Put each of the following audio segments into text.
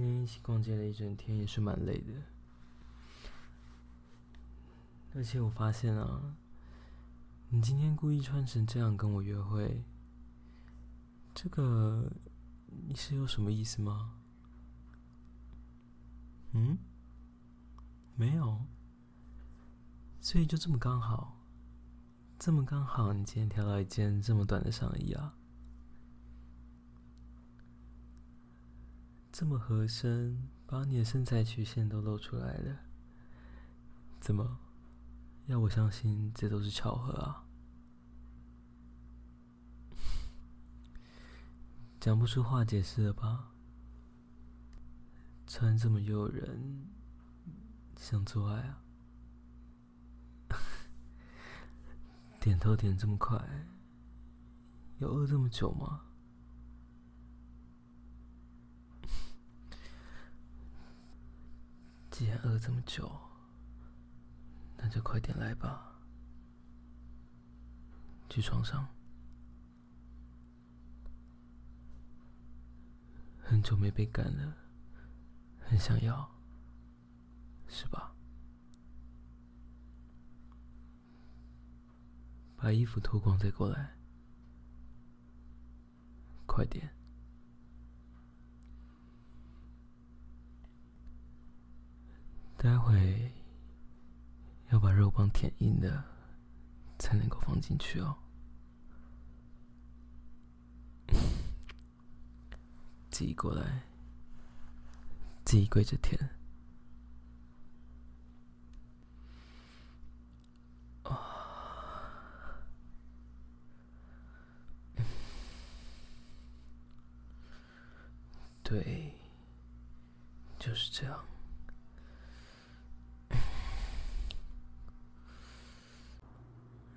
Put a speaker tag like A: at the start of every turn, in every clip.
A: 今天一起逛街了一整天，也是蠻累的。而且我發現啊，你今天故意穿成這樣跟我約會，這個，你是有什麼意思嗎？嗯，沒有，所以就這麼剛好，這麼剛好，你今天挑到一件這麼短的上衣啊。這麼合身，把你的身材曲線都露出來了，怎麼要我相信這都是巧合啊？講不出話解釋了吧？穿這麼誘人，想做愛啊？ 點頭點這麼快，要餓這麼久嗎？既然餓這麼久，那就快點來吧。去床上，很久沒被幹了，很想要，是吧？把衣服脫光再過來，快點。待會要把肉棒舔硬的，才能夠放進去哦。自己過來，自己跪着舔。哦，對，就是這樣。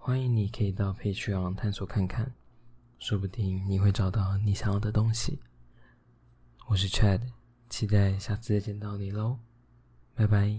A: 歡迎你可以到 Patreon 探索看看，說不定你會找到你想要的東西。我是 Chad，期待下次再見到你嘍，拜拜。